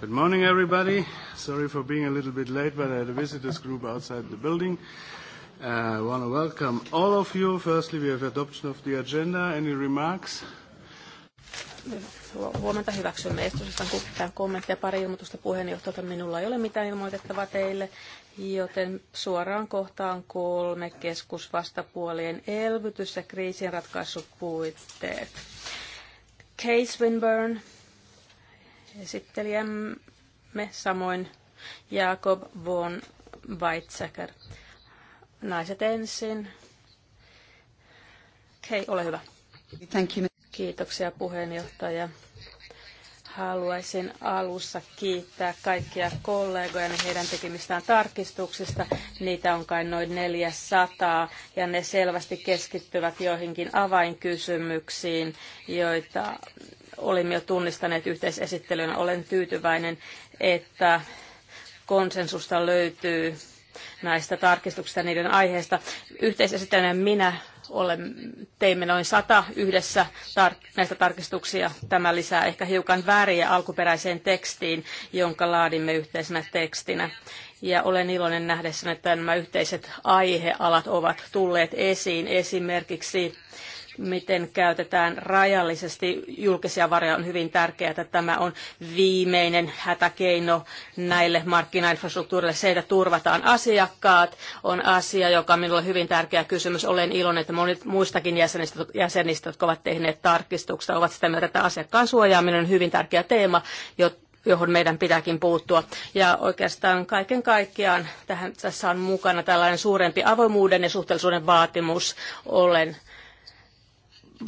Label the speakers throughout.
Speaker 1: Good morning, everybody. Sorry for being a little bit late, but I had a visitors group outside the building. Uh, I want to welcome all of you. Firstly, we have adoption of the agenda. Any remarks?
Speaker 2: Huomenta hyväksymme esityslistan Kommentteja pari ilmoitusta puheenjohtajalta. Minulla ei ole mitään ilmoitettavaa teille, joten suoraan kohtaan kolme keskusvastapuolien elvytys- ja kriisinratkaisupuitteet. Case Winburn esittelijämme, samoin Jakob von Weizsäcker. Naiset ensin. Hei, ole hyvä. Thank you. Kiitoksia puheenjohtaja. Haluaisin alussa kiittää kaikkia kollegoja heidän tekemistään tarkistuksista. Niitä on kai noin 400 ja ne selvästi keskittyvät joihinkin avainkysymyksiin, joita olimme jo tunnistaneet yhteisesittelynä. Olen tyytyväinen, että konsensusta löytyy näistä tarkistuksista niiden aiheesta. Yhteisesittelynä minä olen, teimme noin sata yhdessä tar- näistä tarkistuksia. Tämä lisää ehkä hiukan väriä alkuperäiseen tekstiin, jonka laadimme yhteisenä tekstinä. Ja olen iloinen nähdessä, että nämä yhteiset aihealat ovat tulleet esiin esimerkiksi miten käytetään rajallisesti julkisia varoja, on hyvin tärkeää, että tämä on viimeinen hätäkeino näille markkinainfrastruktuurille. Se, että turvataan asiakkaat, on asia, joka on minulle hyvin tärkeä kysymys. Olen iloinen, että monet muistakin jäsenistä, jäsenistä jotka ovat tehneet tarkistuksia, ovat sitä mieltä, että asiakkaan suojaaminen on hyvin tärkeä teema, johon meidän pitääkin puuttua. Ja oikeastaan kaiken kaikkiaan tähän, tässä on mukana tällainen suurempi avoimuuden ja suhteellisuuden vaatimus. Olen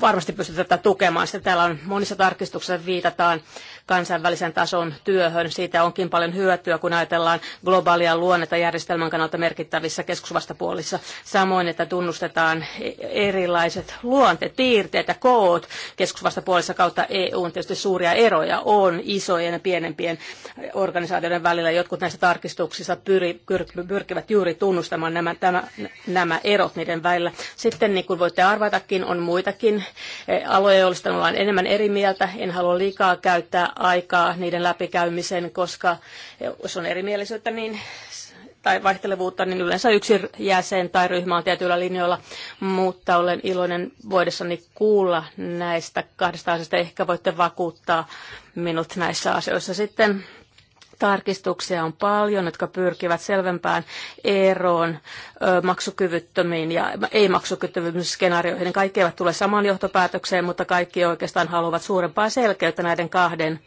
Speaker 2: varmasti pysty tätä tukemaan. Sitten täällä on monissa tarkistuksissa viitataan kansainvälisen tason työhön. Siitä onkin paljon hyötyä, kun ajatellaan globaalia luonnetta järjestelmän kannalta merkittävissä keskusvastapuolissa. Samoin, että tunnustetaan e- erilaiset luontepiirteet ja koot keskusvastapuolissa kautta EU. On tietysti suuria eroja on isojen ja pienempien organisaatioiden välillä. Jotkut näistä tarkistuksista pyri, pyrkivät juuri tunnustamaan nämä, tämä, nämä erot niiden välillä. Sitten, niin kuin voitte arvatakin, on muitakin Eh, joitakin joista ollaan enemmän eri mieltä. En halua liikaa käyttää aikaa niiden läpikäymiseen, koska eh, jos on erimielisyyttä niin, tai vaihtelevuutta, niin yleensä yksi jäsen tai ryhmä on tietyillä linjoilla, mutta olen iloinen voidessani kuulla näistä kahdesta asiasta. Ehkä voitte vakuuttaa minut näissä asioissa sitten Tarkistuksia on paljon, jotka pyrkivät selvempään eroon maksukyvyttömiin ja ei-maksukyvyttömyysskenaarioihin. Kaikki eivät tule samaan johtopäätökseen, mutta kaikki oikeastaan haluavat suurempaa selkeyttä näiden kahden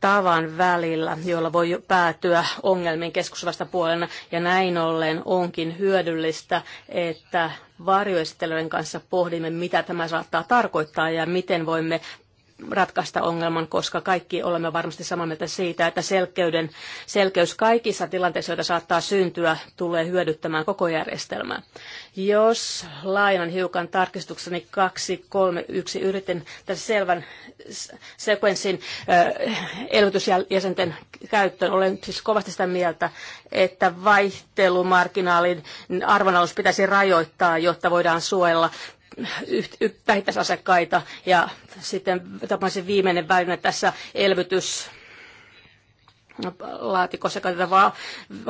Speaker 2: tavan välillä, jolla voi päätyä ongelmiin keskusvastapuolena. Ja näin ollen onkin hyödyllistä, että varjoesittelyiden kanssa pohdimme, mitä tämä saattaa tarkoittaa ja miten voimme ratkaista ongelman, koska kaikki olemme varmasti samaa mieltä siitä, että selkeyden, selkeys kaikissa tilanteissa, joita saattaa syntyä, tulee hyödyttämään koko järjestelmää. Jos lainan hiukan tarkistukseni 231 yritin tässä selvän sekvenssin elvytysjäsenten käyttöön, olen siis kovasti sitä mieltä, että vaihtelumarginaalin arvonalus pitäisi rajoittaa, jotta voidaan suojella päihittäisasekaita ja sitten se viimeinen väline tässä elvytys laatikossa katsotaan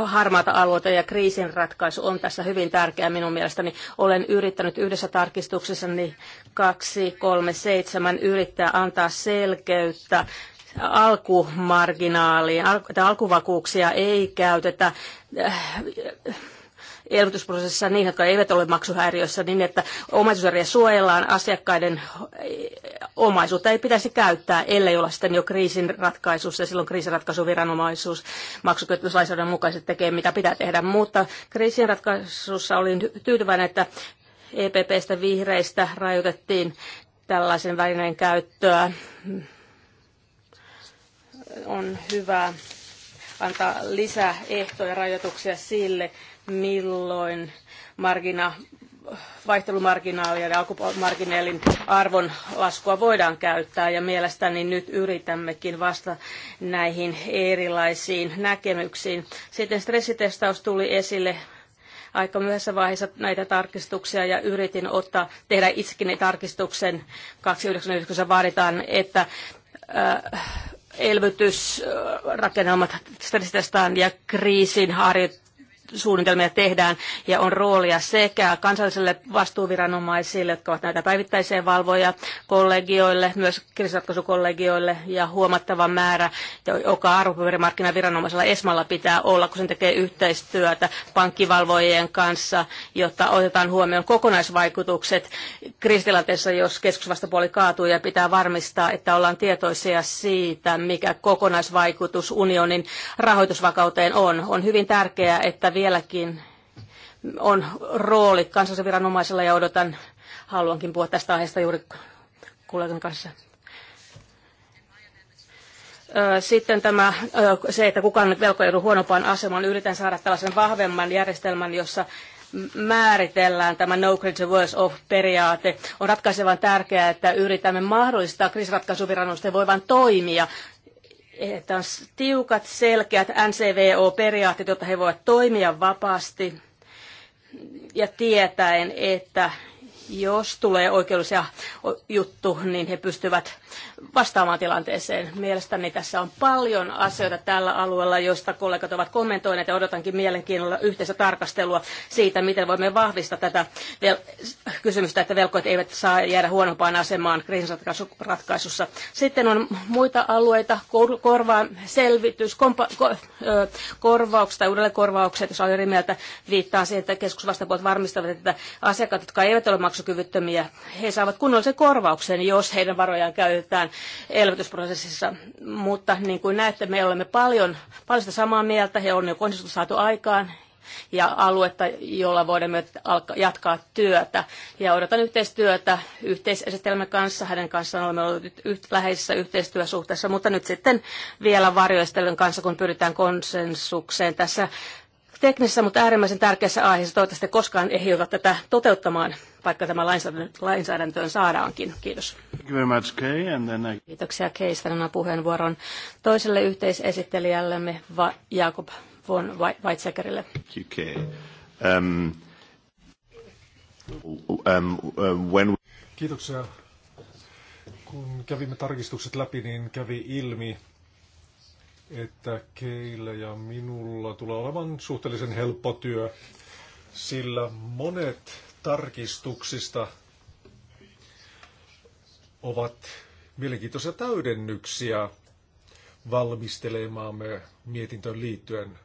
Speaker 2: harmaata alueita ja kriisin ratkaisu on tässä hyvin tärkeää minun mielestäni. Olen yrittänyt yhdessä tarkistuksessa niin kolme seitsemän yrittää antaa selkeyttä alkumarginaaliin, al- alkuvakuuksia ei käytetä elvytysprosessissa niin, jotka eivät ole maksuhäiriössä, niin että omaisuuseriä suojellaan, asiakkaiden eh, omaisuutta ei pitäisi käyttää, ellei olla sitten jo kriisin ratkaisussa, ja silloin kriisinratkaisuviranomaisuus maksukyvytyslainsäädännön mukaisesti tekee, mitä pitää tehdä. Mutta kriisin ratkaisussa olin tyytyväinen, että EPPstä vihreistä rajoitettiin tällaisen välineen käyttöä. On hyvä antaa lisää ehtoja rajoituksia sille, milloin margina, vaihtelumarginaalien ja alkumarginaalin arvon laskua voidaan käyttää. Ja mielestäni nyt yritämmekin vasta näihin erilaisiin näkemyksiin. Sitten stressitestaus tuli esille aika myöhässä vaiheessa näitä tarkistuksia ja yritin ottaa, tehdä itsekin tarkistuksen. 299 vaaditaan, että äh, elvytysrakennelmat stressitestaan ja kriisin harjoit- suunnitelmia tehdään ja on roolia sekä kansallisille vastuuviranomaisille, jotka ovat näitä päivittäisiä valvoja, kollegioille, myös kriisiratkaisukollegioille ja huomattava määrä, joka arvopaperimarkkinaviranomaisella ESMalla pitää olla, kun sen tekee yhteistyötä pankkivalvojien kanssa, jotta otetaan huomioon kokonaisvaikutukset kriisitilanteessa, jos keskusvastapuoli kaatuu ja pitää varmistaa, että ollaan tietoisia siitä, mikä kokonaisvaikutus unionin rahoitusvakauteen on. On hyvin tärkeää, että vieläkin on rooli kansallisen ja odotan, haluankin puhua tästä aiheesta juuri kollegan kanssa. Sitten tämä, se, että kukaan velko ei huonompaan asemaan, yritän saada tällaisen vahvemman järjestelmän, jossa määritellään tämä no credit worse off periaate. On ratkaisevan tärkeää, että yritämme mahdollistaa kriisiratkaisuviranomaisten voivan toimia että on tiukat, selkeät NCVO-periaatteet, jotta he voivat toimia vapaasti ja tietäen, että jos tulee ja juttu, niin he pystyvät vastaamaan tilanteeseen. Mielestäni tässä on paljon asioita tällä alueella, joista kollegat ovat kommentoineet ja odotankin mielenkiinnolla yhteistä tarkastelua siitä, miten voimme vahvistaa tätä kysymystä, että velkoit eivät saa jäädä huonompaan asemaan kriisinratkaisussa. Sitten on muita alueita, kor- korvaan selvitys, kompa- ko- ö, korvaukset tai jos on eri mieltä, viittaa siihen, että keskusvastapuolet varmistavat, että asiakkaat, jotka eivät ole maksukyvyttömiä. He saavat kunnollisen korvauksen, jos heidän varojaan käytetään elvytysprosessissa. Mutta niin kuin näette, me olemme paljon, paljon sitä samaa mieltä. He on jo konsensus saatu aikaan ja aluetta, jolla voimme jatkaa työtä. Ja odotan yhteistyötä yhteisesitelmän kanssa. Hänen kanssaan olemme olleet yht, läheisessä yhteistyösuhteessa, mutta nyt sitten vielä varjoistelun kanssa, kun pyritään konsensukseen tässä teknisessä, mutta äärimmäisen tärkeässä aiheessa. Toivottavasti koskaan ei jouduta tätä toteuttamaan, vaikka tämä lainsäädäntöön saadaankin. Kiitos.
Speaker 1: Much, Kay, and then I...
Speaker 2: Kiitoksia Kei Sanana puheenvuoron toiselle yhteisesittelijällemme Va- Jakob von Weizsäkerille.
Speaker 1: Um, um, uh, Kiitoksia. Kun kävimme tarkistukset läpi, niin kävi ilmi, että Keillä ja minulla tulee olemaan suhteellisen helppo työ, sillä monet tarkistuksista ovat mielenkiintoisia täydennyksiä valmistelemaamme mietintöön liittyen.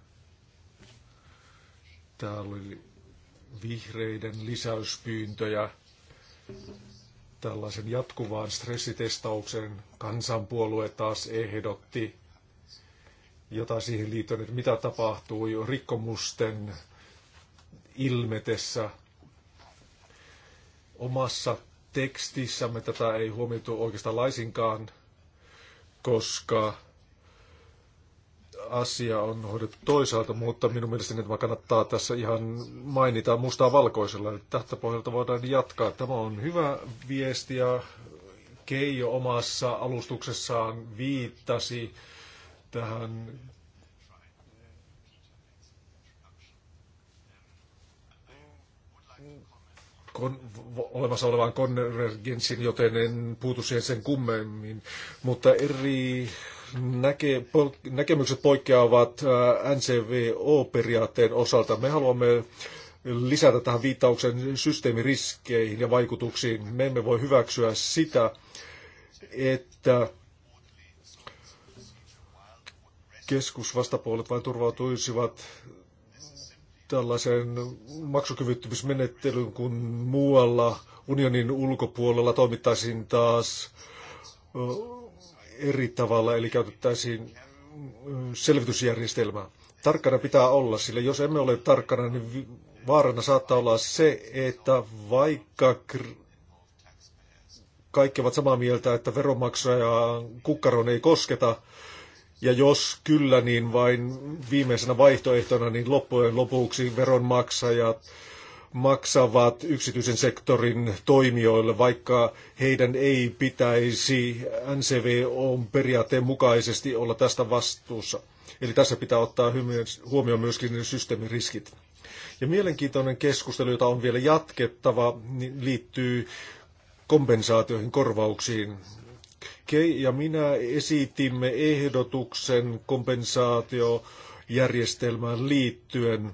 Speaker 1: Täällä oli vihreiden lisäyspyyntöjä tällaisen jatkuvaan stressitestauksen kansanpuolue taas ehdotti jotain siihen liittyen, että mitä tapahtuu jo rikkomusten ilmetessä. Omassa tekstissämme tätä ei huomioitu oikeastaan laisinkaan, koska asia on hoidettu toisaalta, mutta minun mielestäni tämä kannattaa tässä ihan mainita mustaa valkoisella. Tältä pohjalta voidaan jatkaa. Tämä on hyvä viesti ja Keijo omassa alustuksessaan viittasi tähän kon, olemassa olevaan konvergenssin, joten en puutu siihen sen kummemmin. Mutta eri näke, pol, näkemykset poikkeavat NCVO-periaatteen osalta. Me haluamme lisätä tähän viittauksen systeemiriskeihin ja vaikutuksiin. Me emme voi hyväksyä sitä, että keskusvastapuolet vain turvautuisivat tällaiseen maksukyvyttömyysmenettelyyn, kun muualla unionin ulkopuolella toimittaisiin taas eri tavalla, eli käytettäisiin selvitysjärjestelmää. Tarkkana pitää olla, sillä jos emme ole tarkkana, niin vaarana saattaa olla se, että vaikka kaikki ovat samaa mieltä, että veronmaksajan kukkaron ei kosketa, ja jos kyllä, niin vain viimeisenä vaihtoehtona, niin loppujen lopuksi veronmaksajat maksavat yksityisen sektorin toimijoille, vaikka heidän ei pitäisi NCVOn periaatteen mukaisesti olla tästä vastuussa. Eli tässä pitää ottaa huomioon myöskin systeemiriskit. Ja mielenkiintoinen keskustelu, jota on vielä jatkettava, niin liittyy kompensaatioihin, korvauksiin ja minä esitimme ehdotuksen kompensaatiojärjestelmään liittyen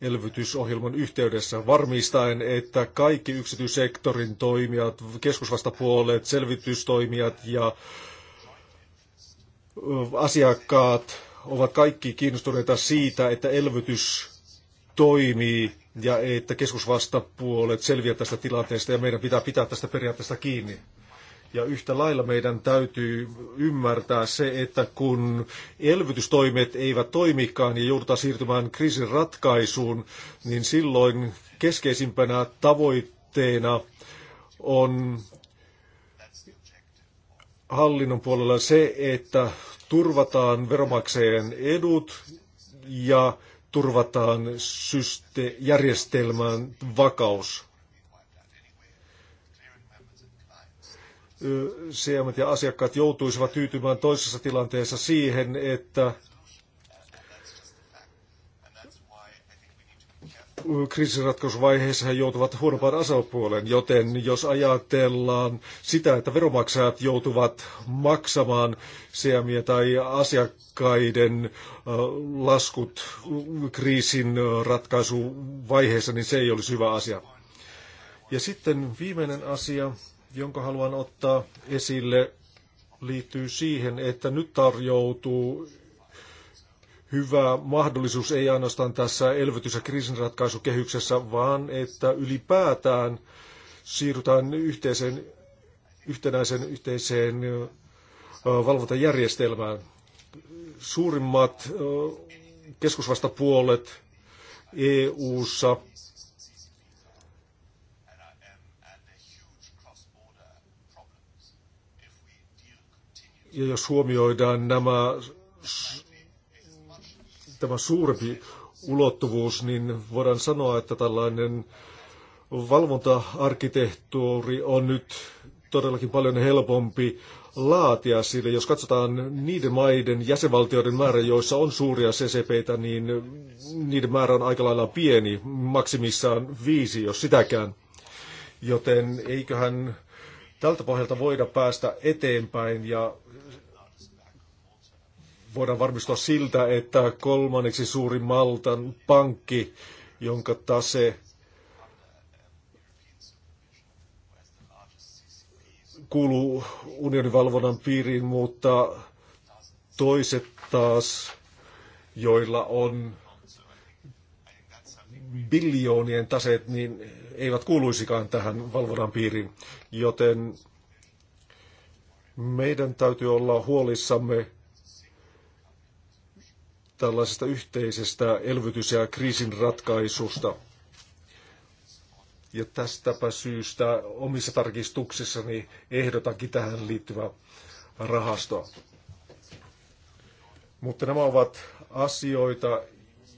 Speaker 1: elvytysohjelman yhteydessä varmistaen, että kaikki yksityissektorin toimijat, keskusvastapuolet, selvitystoimijat ja asiakkaat ovat kaikki kiinnostuneita siitä, että elvytys toimii ja että keskusvastapuolet selviävät tästä tilanteesta ja meidän pitää pitää tästä periaatteesta kiinni. Ja yhtä lailla meidän täytyy ymmärtää se, että kun elvytystoimet eivät toimikaan ja joudutaan siirtymään kriisin ratkaisuun, niin silloin keskeisimpänä tavoitteena on hallinnon puolella se, että turvataan veromakseen edut ja turvataan syste- järjestelmän vakaus. siemet ja asiakkaat joutuisivat tyytymään toisessa tilanteessa siihen, että kriisinratkaisuvaiheessa he joutuvat huonompaan asepuoleen, joten jos ajatellaan sitä, että veromaksajat joutuvat maksamaan siemiä tai asiakkaiden laskut kriisin ratkaisuvaiheessa, niin se ei olisi hyvä asia. Ja sitten viimeinen asia, jonka haluan ottaa esille, liittyy siihen, että nyt tarjoutuu hyvä mahdollisuus ei ainoastaan tässä elvytys- ja kriisinratkaisukehyksessä, vaan että ylipäätään siirrytään yhteiseen, yhtenäiseen yhteiseen valvontajärjestelmään. Suurimmat keskusvastapuolet EU-ssa Ja jos huomioidaan nämä, tämä suurempi ulottuvuus, niin voidaan sanoa, että tällainen valvonta-arkkitehtuuri on nyt todellakin paljon helpompi laatia sille. Jos katsotaan niiden maiden jäsenvaltioiden määrä, joissa on suuria ccp niin niiden määrä on aika lailla pieni, maksimissaan viisi, jos sitäkään. Joten eiköhän tältä pohjalta voida päästä eteenpäin ja voidaan varmistua siltä, että kolmanneksi suuri Maltan pankki, jonka tase kuuluu unionin valvonnan piiriin, mutta toiset taas, joilla on biljoonien taseet, niin eivät kuuluisikaan tähän valvonnan piiriin, joten meidän täytyy olla huolissamme tällaisesta yhteisestä elvytys- ja kriisinratkaisusta. Ja tästäpä syystä omissa tarkistuksissani ehdotankin tähän liittyvää rahastoa. Mutta nämä ovat asioita,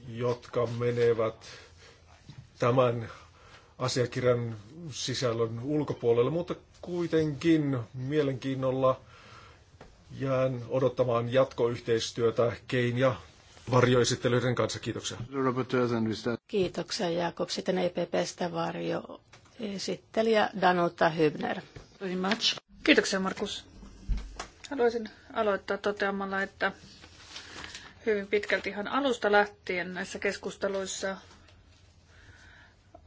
Speaker 1: jotka menevät tämän asiakirjan sisällön ulkopuolelle, mutta kuitenkin mielenkiinnolla jään odottamaan jatkoyhteistyötä Kein ja varjoesittelyiden kanssa. Kiitoksia.
Speaker 2: Kiitoksia Jakob. Sitten EPPstä varjo esittelijä Danuta Hybner.
Speaker 3: Kiitoksia Markus. Haluaisin aloittaa toteamalla, että hyvin pitkälti ihan alusta lähtien näissä keskusteluissa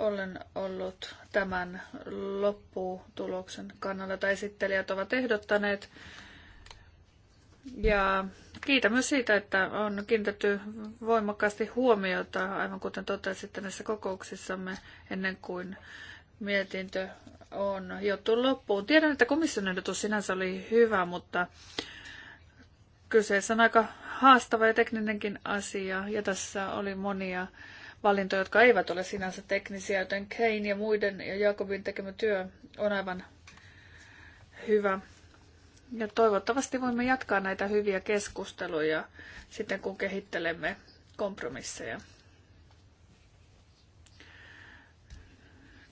Speaker 3: olen ollut tämän lopputuloksen kannalla, tai esittelijät ovat ehdottaneet. Ja kiitän myös siitä, että on kiinnitetty voimakkaasti huomiota, aivan kuten totesitte näissä kokouksissamme, ennen kuin mietintö on hiottu loppuun. Tiedän, että komission ehdotus sinänsä oli hyvä, mutta kyseessä on aika haastava ja tekninenkin asia, ja tässä oli monia valintoja, jotka eivät ole sinänsä teknisiä, joten Kane ja muiden ja Jakobin tekemä työ on aivan hyvä. Ja toivottavasti voimme jatkaa näitä hyviä keskusteluja sitten, kun kehittelemme kompromisseja.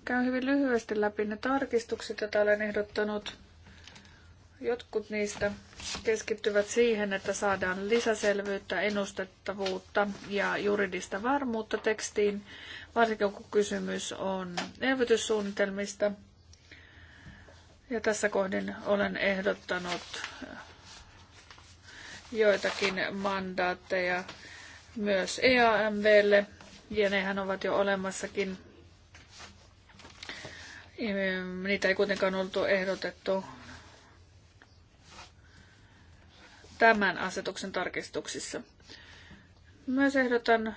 Speaker 3: Käyn hyvin lyhyesti läpi ne tarkistukset, joita olen ehdottanut. Jotkut niistä keskittyvät siihen, että saadaan lisäselvyyttä, ennustettavuutta ja juridista varmuutta tekstiin, varsinkin kun kysymys on elvytyssuunnitelmista. Ja tässä kohdin olen ehdottanut joitakin mandaatteja myös EAMVlle, ja nehän ovat jo olemassakin. Niitä ei kuitenkaan oltu ehdotettu tämän asetuksen tarkistuksissa. Myös ehdotan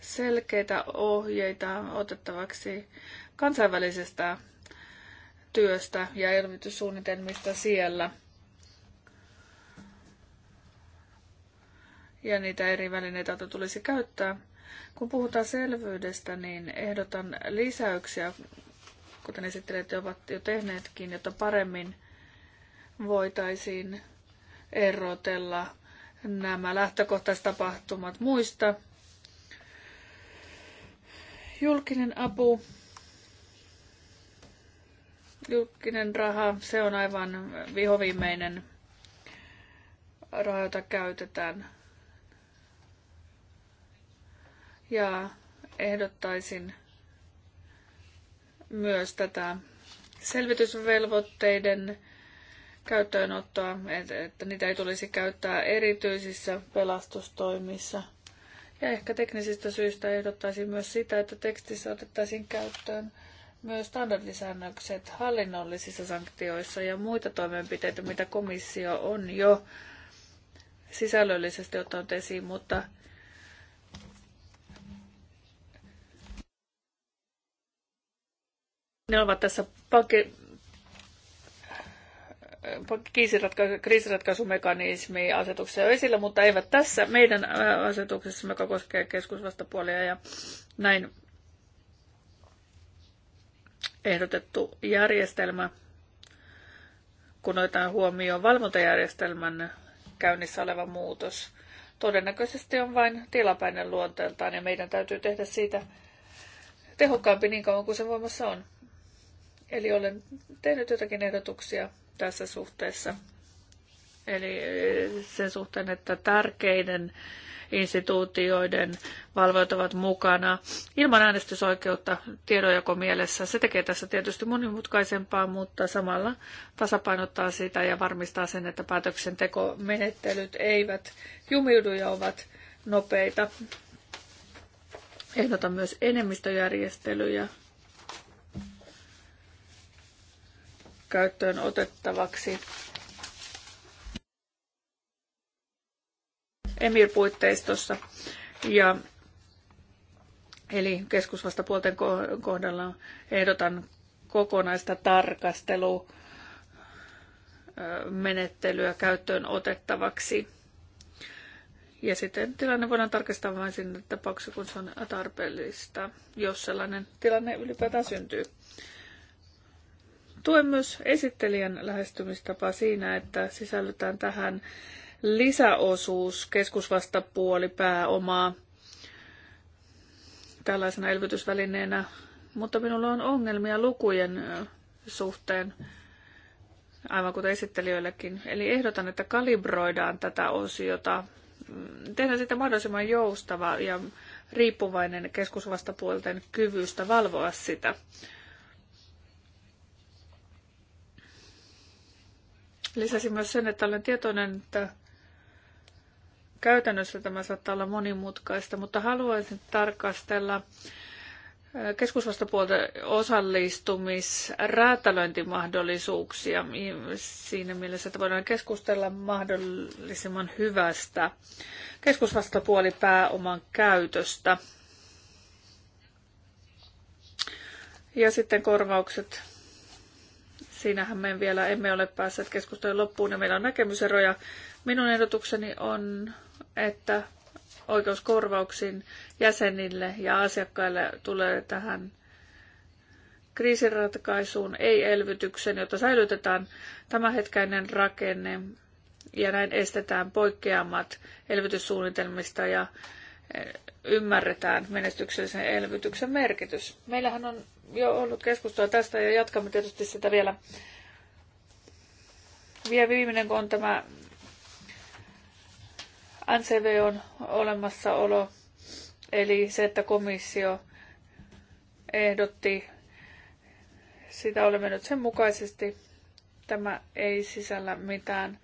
Speaker 3: selkeitä ohjeita otettavaksi kansainvälisestä työstä ja elvytyssuunnitelmista siellä. Ja niitä eri välineitä, joita tulisi käyttää. Kun puhutaan selvyydestä, niin ehdotan lisäyksiä, kuten esittelijät ovat jo tehneetkin, jotta paremmin voitaisiin erotella nämä tapahtumat muista. Julkinen apu, julkinen raha, se on aivan vihoviimeinen raha, jota käytetään. Ja ehdottaisin myös tätä selvitysvelvoitteiden käyttöönottoa, että niitä ei tulisi käyttää erityisissä pelastustoimissa. Ja ehkä teknisistä syistä ehdottaisin myös sitä, että tekstissä otettaisiin käyttöön myös standardisäännökset hallinnollisissa sanktioissa ja muita toimenpiteitä, mitä komissio on jo sisällöllisesti ottanut esiin, mutta ne ovat tässä kriisiratkaisumekanismi asetuksessa jo esillä, mutta eivät tässä meidän äh, asetuksessa, joka koskee keskusvastapuolia ja näin ehdotettu järjestelmä, kun otetaan huomioon valvontajärjestelmän käynnissä oleva muutos, todennäköisesti on vain tilapäinen luonteeltaan ja meidän täytyy tehdä siitä tehokkaampi niin kauan kuin se voimassa on. Eli olen tehnyt jotakin ehdotuksia tässä suhteessa. Eli eh, sen suhteen, että tärkeiden instituutioiden valvojat ovat mukana ilman äänestysoikeutta tiedonjako mielessä. Se tekee tässä tietysti monimutkaisempaa, mutta samalla tasapainottaa sitä ja varmistaa sen, että päätöksentekomenettelyt eivät jumiudu ja ovat nopeita. Ehdotan myös enemmistöjärjestelyjä käyttöön otettavaksi EMIR-puitteistossa. Ja Eli keskusvastapuolten kohdalla ehdotan kokonaista tarkastelumenettelyä käyttöön otettavaksi. Ja sitten tilanne voidaan tarkistaa vain sinne tapauksessa, kun se on tarpeellista, jos sellainen tilanne ylipäätään syntyy. Tuen myös esittelijän lähestymistapa siinä, että sisällytään tähän lisäosuus keskusvastapuoli pääomaa tällaisena elvytysvälineenä, mutta minulla on ongelmia lukujen suhteen, aivan kuten esittelijöillekin. Eli ehdotan, että kalibroidaan tätä osiota. Tehdään sitä mahdollisimman joustava ja riippuvainen keskusvastapuolten kyvystä valvoa sitä. Lisäsin myös sen, että olen tietoinen, että käytännössä tämä saattaa olla monimutkaista, mutta haluaisin tarkastella äh, keskusvastapuolten osallistumisräätälöintimahdollisuuksia siinä mielessä, että voidaan keskustella mahdollisimman hyvästä keskusvastapuolipääoman käytöstä. Ja sitten korvaukset Siinähän me vielä emme ole päässeet keskustelun loppuun ja meillä on näkemyseroja. Minun ehdotukseni on, että oikeus korvauksiin jäsenille ja asiakkaille tulee tähän kriisiratkaisuun, ei elvytykseen, jotta säilytetään tämänhetkäinen rakenne ja näin estetään poikkeamat elvytyssuunnitelmista ja eh, ymmärretään menestyksellisen elvytyksen merkitys. Meillähän on jo ollut keskustelua tästä ja jatkamme tietysti sitä vielä. Vielä viimeinen, kun on tämä NCV on olemassaolo, eli se, että komissio ehdotti, sitä olemme nyt sen mukaisesti. Tämä ei sisällä mitään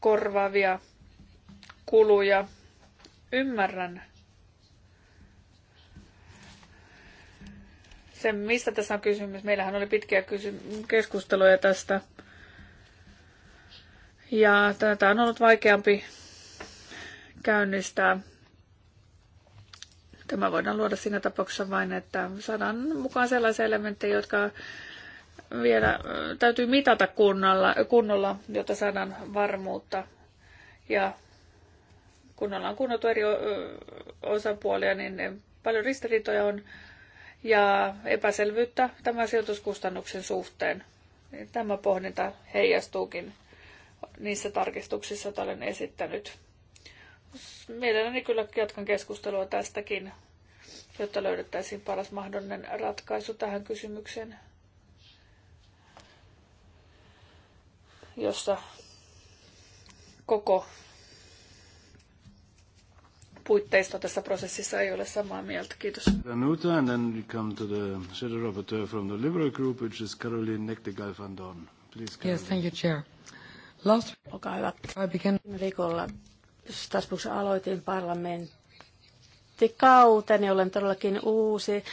Speaker 3: korvaavia kuluja. Ymmärrän se, mistä tässä on kysymys. Meillähän oli pitkiä kysy- keskusteluja tästä. Ja tätä on ollut vaikeampi käynnistää. Tämä voidaan luoda siinä tapauksessa vain, että saadaan mukaan sellaisia elementtejä, jotka vielä täytyy mitata kunnolla, kunnolla jotta saadaan varmuutta. Ja kun ollaan kuunneltu eri osapuolia, niin paljon ristiriitoja on ja epäselvyyttä tämän sijoituskustannuksen suhteen. Niin tämä pohdinta heijastuukin niissä tarkistuksissa, joita olen esittänyt. Mielelläni kyllä jatkan keskustelua tästäkin, jotta löydettäisiin paras mahdollinen ratkaisu tähän kysymykseen, jossa koko puitteisto tässä prosessissa ei ole samaa mieltä. Kiitos.
Speaker 1: Danuta, and then we come to the shadow rapporteur from the Liberal Group, which is Caroline Nektegal van Dorn. Please, Caroline. Yes, thank you, Chair. Last... Olkaa hyvä.
Speaker 2: I began... Viikolla Strasbourgissa aloitin parlamenttikauteni, niin olen todellakin uusi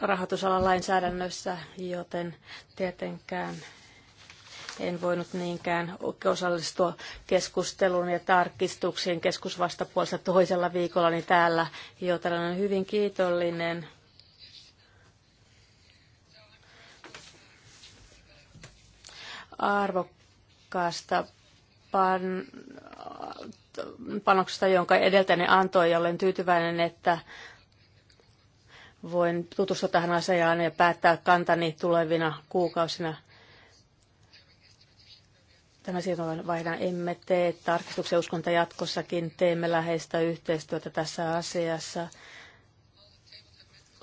Speaker 2: rahoitusalan lainsäädännössä, joten tietenkään en voinut niinkään osallistua keskusteluun ja tarkistuksiin keskusvastapuolesta toisella viikolla, niin täällä jo tällainen hyvin kiitollinen arvokkaasta pan, panoksesta, jonka edeltäni antoi, ja olen tyytyväinen, että voin tutustua tähän asiaan ja päättää kantani tulevina kuukausina. Tämä siirtymän vaihdan emme tee. Tarkistuksen uskonta jatkossakin teemme läheistä yhteistyötä tässä asiassa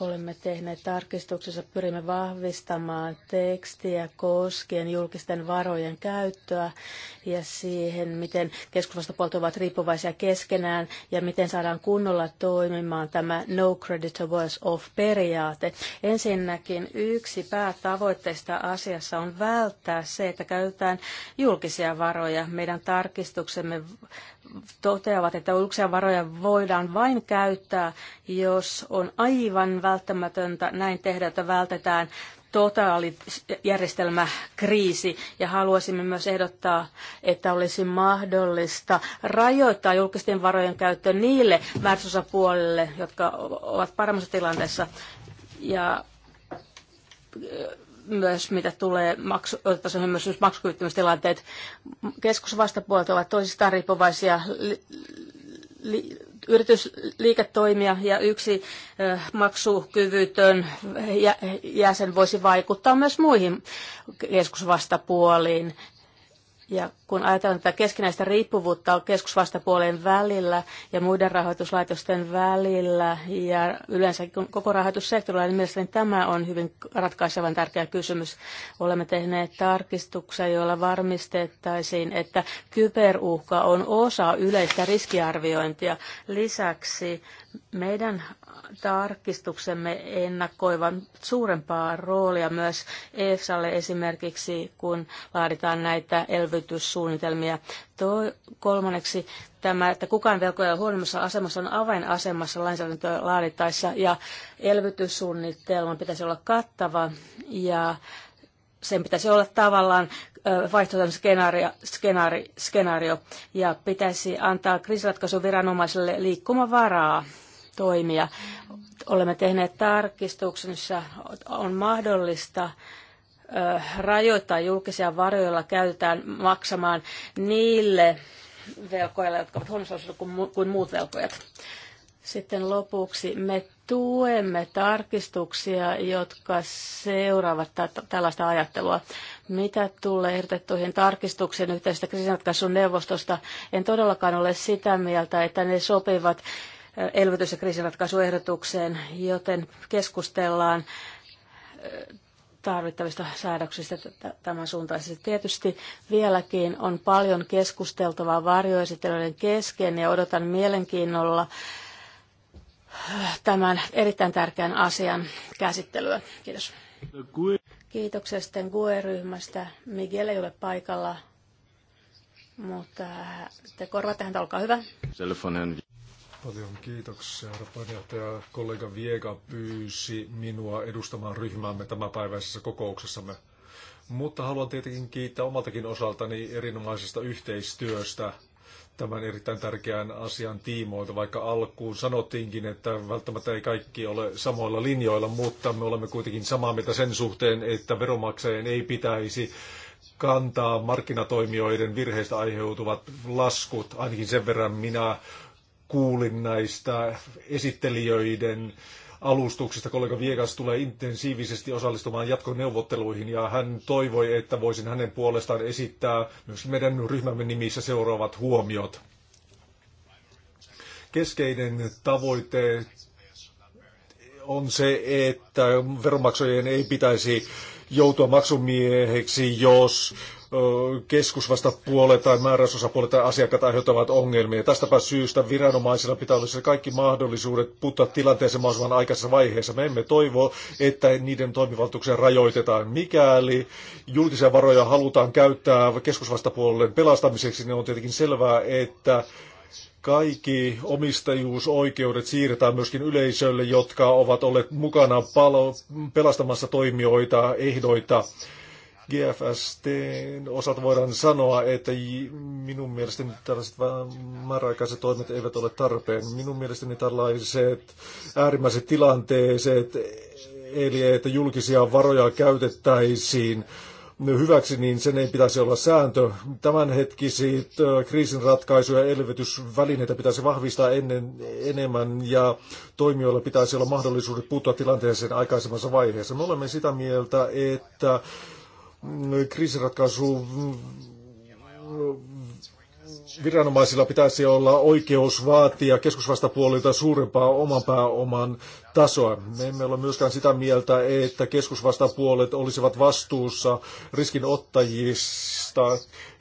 Speaker 2: olemme tehneet tarkistuksessa, pyrimme vahvistamaan tekstiä koskien julkisten varojen käyttöä ja siihen, miten keskusvastapuolet ovat riippuvaisia keskenään ja miten saadaan kunnolla toimimaan tämä no creditor worse off periaate. Ensinnäkin yksi päätavoitteista asiassa on välttää se, että käytetään julkisia varoja. Meidän tarkistuksemme toteavat, että julkisia varoja voidaan vain käyttää, jos on aivan välttämätöntä näin tehdä, että vältetään totaalijärjestelmäkriisi ja haluaisimme myös ehdottaa, että olisi mahdollista rajoittaa julkisten varojen käyttö niille määrätysosapuolille, jotka ovat paremmassa tilanteessa ja myös mitä tulee maksu, myös maksukyvyttömyystilanteet. Keskusvastapuolet ovat toisistaan riippuvaisia li, li, yritysliiketoimia ja yksi ö, maksukyvytön jä, jäsen voisi vaikuttaa myös muihin keskusvastapuoliin. Ja kun ajatellaan tätä keskinäistä riippuvuutta keskusvastapuolen välillä ja muiden rahoituslaitosten välillä ja yleensä koko rahoitussektorilla, niin mielestäni tämä on hyvin ratkaisevan tärkeä kysymys. Olemme tehneet tarkistuksia, joilla varmistettaisiin, että kyberuhka on osa yleistä riskiarviointia. Lisäksi meidän tarkistuksemme ennakoivan suurempaa roolia myös EFSAlle esimerkiksi, kun laaditaan näitä elvytyssuunnitelmia. Toi, kolmanneksi tämä, että kukaan velkoja huonommassa asemassa on avainasemassa lainsäädäntöä laadittaessa ja elvytyssuunnitelman pitäisi olla kattava ja sen pitäisi olla tavallaan vaihtoehtoinen skenaario, skenaari, skenaario ja pitäisi antaa kriisiratkaisuviranomaisille liikkumavaraa toimia. Olemme tehneet jossa on mahdollista rajoittaa julkisia varoja, joilla käytetään maksamaan niille velkoille, jotka ovat huonossa kuin muut velkojat. Sitten lopuksi me tuemme tarkistuksia, jotka seuraavat tällaista ajattelua. Mitä tulee ehdotettuihin tarkistuksiin yhteisestä kriisinratkaisun neuvostosta, en todellakaan ole sitä mieltä, että ne sopivat eh, elvytys- ja kriisinratkaisuehdotukseen, joten keskustellaan eh, tarvittavista säädöksistä tämän suuntaisesti. Tietysti vieläkin on paljon keskusteltavaa varjoesittelyiden kesken ja odotan mielenkiinnolla tämän erittäin tärkeän asian käsittelyä. Kiitos. Kiitoksia sitten GUE-ryhmästä. Miguel ei ole paikalla, mutta te korvaatte häntä, olkaa hyvä.
Speaker 1: Telefonen. Paljon kiitoksia, herra puheenjohtaja. Kollega Viega pyysi minua edustamaan ryhmäämme tämänpäiväisessä kokouksessamme. Mutta haluan tietenkin kiittää omaltakin osaltani erinomaisesta yhteistyöstä tämän erittäin tärkeän asian tiimoilta, vaikka alkuun sanottiinkin, että välttämättä ei kaikki ole samoilla linjoilla, mutta me olemme kuitenkin samaa mieltä sen suhteen, että veromaksajien ei pitäisi kantaa markkinatoimijoiden virheistä aiheutuvat laskut, ainakin sen verran minä kuulin näistä esittelijöiden äh, alustuksesta. Kollega Viegas tulee intensiivisesti osallistumaan jatkoneuvotteluihin ja hän toivoi, että voisin hänen puolestaan esittää myös meidän ryhmämme nimissä seuraavat huomiot. Keskeinen tavoite on se, että veronmaksajien ei pitäisi joutua maksumieheksi, jos keskusvastapuole tai määräysosapuole tai asiakkaat aiheuttavat ongelmia. Tästäpä syystä viranomaisilla pitää olla se kaikki mahdollisuudet puuttua tilanteeseen mahdollisimman aikaisessa vaiheessa. Me emme toivo, että niiden toimivaltuuksia rajoitetaan. Mikäli julkisia varoja halutaan käyttää keskusvastapuolen pelastamiseksi, niin on tietenkin selvää, että kaikki omistajuusoikeudet siirretään myöskin yleisölle, jotka ovat olleet mukana palo, pelastamassa toimijoita ehdoita. GFST osat voidaan sanoa, että minun mielestäni tällaiset määräaikaiset toimet eivät ole tarpeen. Minun mielestäni tällaiset äärimmäiset tilanteet, eli että julkisia varoja käytettäisiin hyväksi, niin sen ei pitäisi olla sääntö. Tämänhetkiset kriisinratkaisu- ja elvytysvälineitä pitäisi vahvistaa ennen, enemmän ja toimijoilla pitäisi olla mahdollisuudet puuttua tilanteeseen aikaisemmassa vaiheessa. Me olemme sitä mieltä, että kriisinratkaisu viranomaisilla pitäisi olla oikeus vaatia keskusvastapuolilta suurempaa oman pääoman tasoa. Me emme ole myöskään sitä mieltä, että keskusvastapuolet olisivat vastuussa riskinottajista,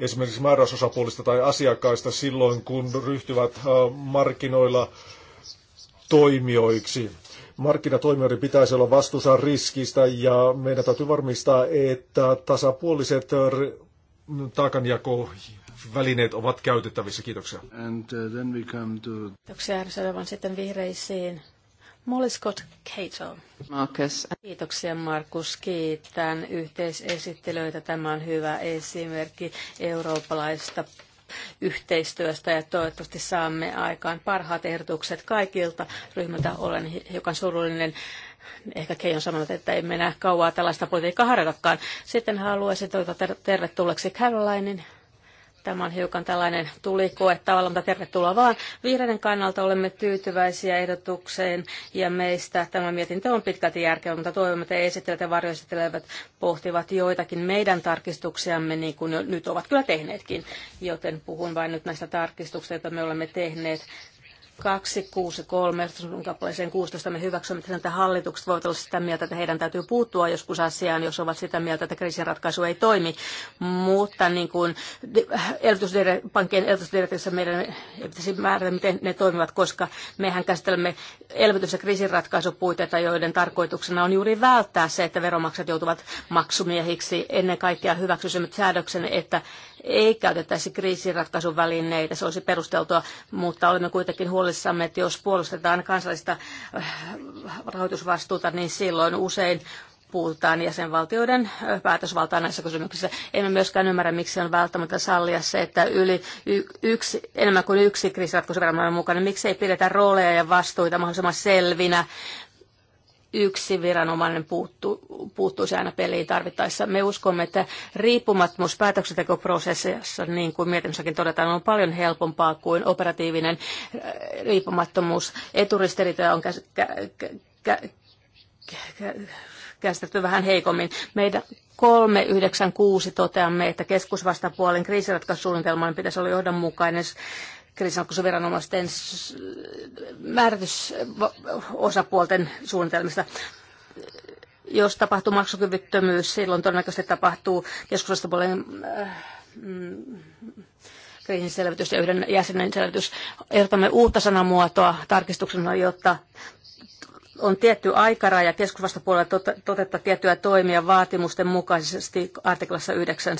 Speaker 1: esimerkiksi määräysosapuolista tai asiakkaista silloin, kun ryhtyvät äh, markkinoilla toimijoiksi markkinatoimijoiden pitäisi olla vastuussa riskistä ja meidän täytyy varmistaa, että tasapuoliset taakanjako välineet ovat käytettävissä. Kiitoksia. And uh, then we come to...
Speaker 2: Kiitoksia, Herra Sitten vihreisiin. Molly Scott Cato. Marcus. Kiitoksia Markus, kiitän yhteisesittelyitä. Tämä on hyvä esimerkki eurooppalaista yhteistyöstä ja toivottavasti saamme aikaan parhaat ehdotukset kaikilta ryhmältä. Olen hiukan surullinen ehkä Kei on sanonut, että ei mennä kauaa tällaista politiikkaa harjoitakaan. Sitten haluaisin toivottaa tervetulleeksi Carolinein. Tämä on hiukan tällainen tulikoe tavallaan, mutta tervetuloa vaan. Vihreiden kannalta olemme tyytyväisiä ehdotukseen ja meistä tämä mietintö on pitkälti järkevä, mutta toivomme, että esittelijät ja varjoesittelijät pohtivat joitakin meidän tarkistuksiamme, niin kuin nyt ovat kyllä tehneetkin. Joten puhun vain nyt näistä tarkistuksista, joita me olemme tehneet. 263 kappaleeseen 16 me hyväksymme, että hallitukset voivat olla sitä mieltä, että heidän täytyy puuttua joskus asiaan, jos ovat sitä mieltä, että kriisinratkaisu ei toimi. Mutta niin kuin pankkien elvytysdirektiivissä meidän ei pitäisi määrätä, miten ne toimivat, koska mehän käsittelemme elvytys- ja kriisinratkaisupuitteita, joiden tarkoituksena on juuri välttää se, että veromaksat joutuvat maksumiehiksi. Ennen kaikkea hyväksyisimme säädöksen, että ei käytettäisi kriisinratkaisun välineitä. Se olisi perusteltua, mutta olemme kuitenkin huolissamme, että jos puolustetaan kansallista äh, rahoitusvastuuta, niin silloin usein puhutaan jäsenvaltioiden äh, päätösvaltaan näissä kysymyksissä. Emme myöskään ymmärrä, miksi on välttämättä sallia se, että yli yksi, enemmän kuin yksi kriisiratkaisuviranomainen mukana, niin miksi ei pidetä rooleja ja vastuita mahdollisimman selvinä, yksi viranomainen puuttuu, puuttuisi aina peliin tarvittaessa. Me uskomme, että riippumattomuus päätöksentekoprosessissa, niin kuin mietinnössäkin todetaan, on paljon helpompaa kuin operatiivinen äh, riippumattomuus. Eturistiriitoja on käsitetty vähän heikommin. Meidän 396 toteamme, että keskusvastapuolen kriisiratkaisusuunnitelman pitäisi olla johdonmukainen kriisinratkaisuviranomaisten määrätysosapuolten suunnitelmista. Jos tapahtuu maksukyvyttömyys, silloin todennäköisesti tapahtuu keskustapuolen äh, mm, kriisinselvitys ja yhden jäsenen selvitys. Ehdotamme uutta sanamuotoa tarkistuksena, jotta on tietty aikaraja keskusvastapuolella toteuttaa tiettyä toimia vaatimusten mukaisesti artiklassa 9.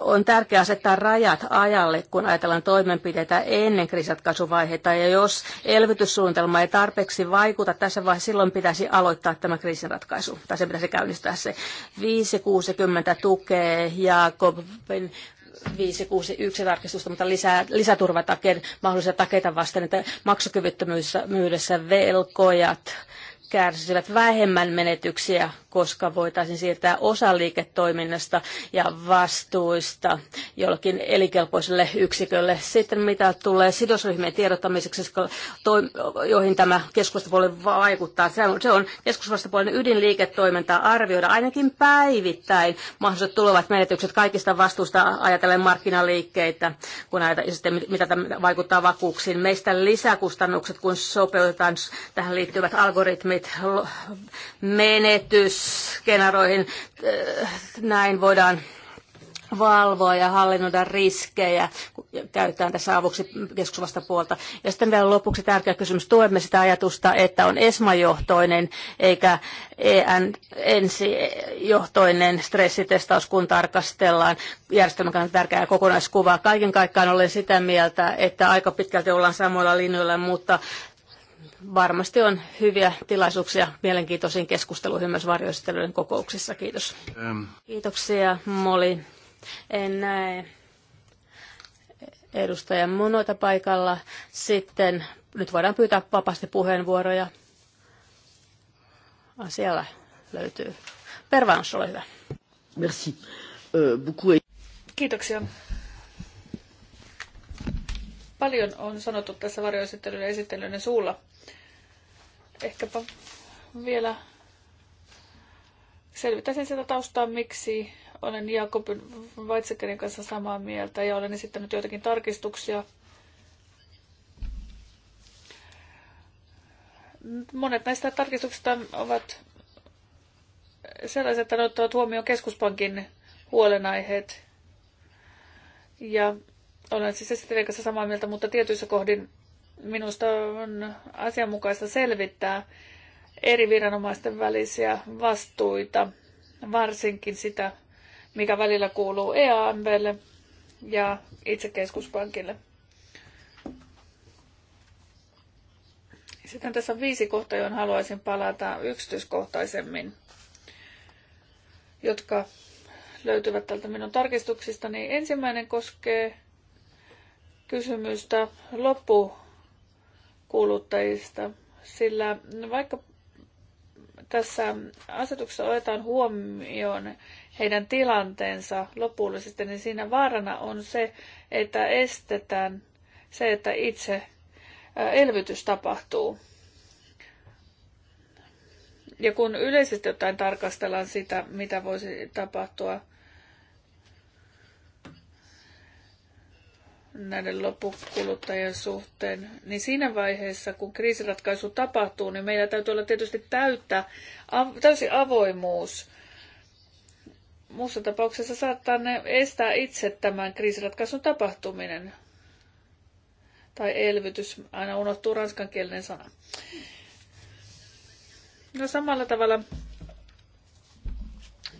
Speaker 2: On tärkeää asettaa rajat ajalle, kun ajatellaan toimenpiteitä ennen kriisinratkaisuvaihetta. Ja jos elvytyssuunnitelma ei tarpeeksi vaikuta tässä vaiheessa, silloin pitäisi aloittaa tämä kriisinratkaisu. Tai se pitäisi käynnistää se. 560 tukee Jakobin 561 tarkistusta, mutta lisää, lisäturvatakeen mahdollisia takeita vasten, että maksukyvyttömyydessä velkojat kärsisivät vähemmän menetyksiä koska voitaisiin siirtää osa liiketoiminnasta ja vastuista jollekin elinkelpoiselle yksikölle. Sitten mitä tulee sidosryhmien tiedottamiseksi, joihin tämä keskustapuoli vaikuttaa, se on, keskusvastapuolen ydinliiketoimintaa arvioida ainakin päivittäin mahdolliset tulevat menetykset kaikista vastuusta ajatellen markkinaliikkeitä, kun ajatellaan, mitä tämä vaikuttaa vakuuksiin. Meistä lisäkustannukset, kun sopeutetaan tähän liittyvät algoritmit, menetys, skenaroihin. Äh, näin voidaan valvoa ja hallinnoida riskejä, käytetään tässä avuksi keskusvasta puolta. Ja sitten vielä lopuksi tärkeä kysymys, tuemme sitä ajatusta, että on ESMA-johtoinen eikä EN, ensijohtoinen stressitestaus, kun tarkastellaan järjestelmän kannalta tärkeää kokonaiskuvaa. Kaiken kaikkiaan olen sitä mieltä, että aika pitkälti ollaan samoilla linjoilla, mutta varmasti on hyviä tilaisuuksia mielenkiintoisiin keskusteluihin myös varjoistelujen kokouksissa. Kiitos. Ähm. Kiitoksia, Moli. En näe edustajan Monoita paikalla. Sitten nyt voidaan pyytää vapaasti puheenvuoroja. Siellä löytyy. Pervans, ole
Speaker 3: hyvä. Merci. Euh, Kiitoksia. Paljon on sanottu tässä varjoesittelyn ja esittelyn suulla. Ehkäpä vielä selvittäisin sitä taustaa, miksi olen Jakobin Weizsäckerin kanssa samaa mieltä ja olen esittänyt joitakin tarkistuksia. Monet näistä tarkistuksista ovat sellaiset, että ne ottavat huomioon keskuspankin huolenaiheet. Ja olen siis esittelijän kanssa samaa mieltä, mutta tietyissä kohdin minusta on asianmukaista selvittää eri viranomaisten välisiä vastuita, varsinkin sitä, mikä välillä kuuluu EAMVlle ja itse keskuspankille. Sitten tässä on viisi kohtaa, joihin haluaisin palata yksityiskohtaisemmin, jotka löytyvät tältä minun tarkistuksistani. Ensimmäinen koskee kysymystä loppukuluttajista, sillä vaikka tässä asetuksessa otetaan huomioon heidän tilanteensa lopullisesti, niin siinä vaarana on se, että estetään se, että itse elvytys tapahtuu. Ja kun yleisesti ottaen tarkastellaan sitä, mitä voisi tapahtua näiden loppukuluttajien suhteen, niin siinä vaiheessa, kun kriisiratkaisu tapahtuu, niin meillä täytyy olla tietysti täyttä, av- täysi avoimuus. Muussa tapauksessa saattaa ne estää itse tämän kriisiratkaisun tapahtuminen. Tai elvytys, aina unohtuu ranskankielinen sana. No samalla tavalla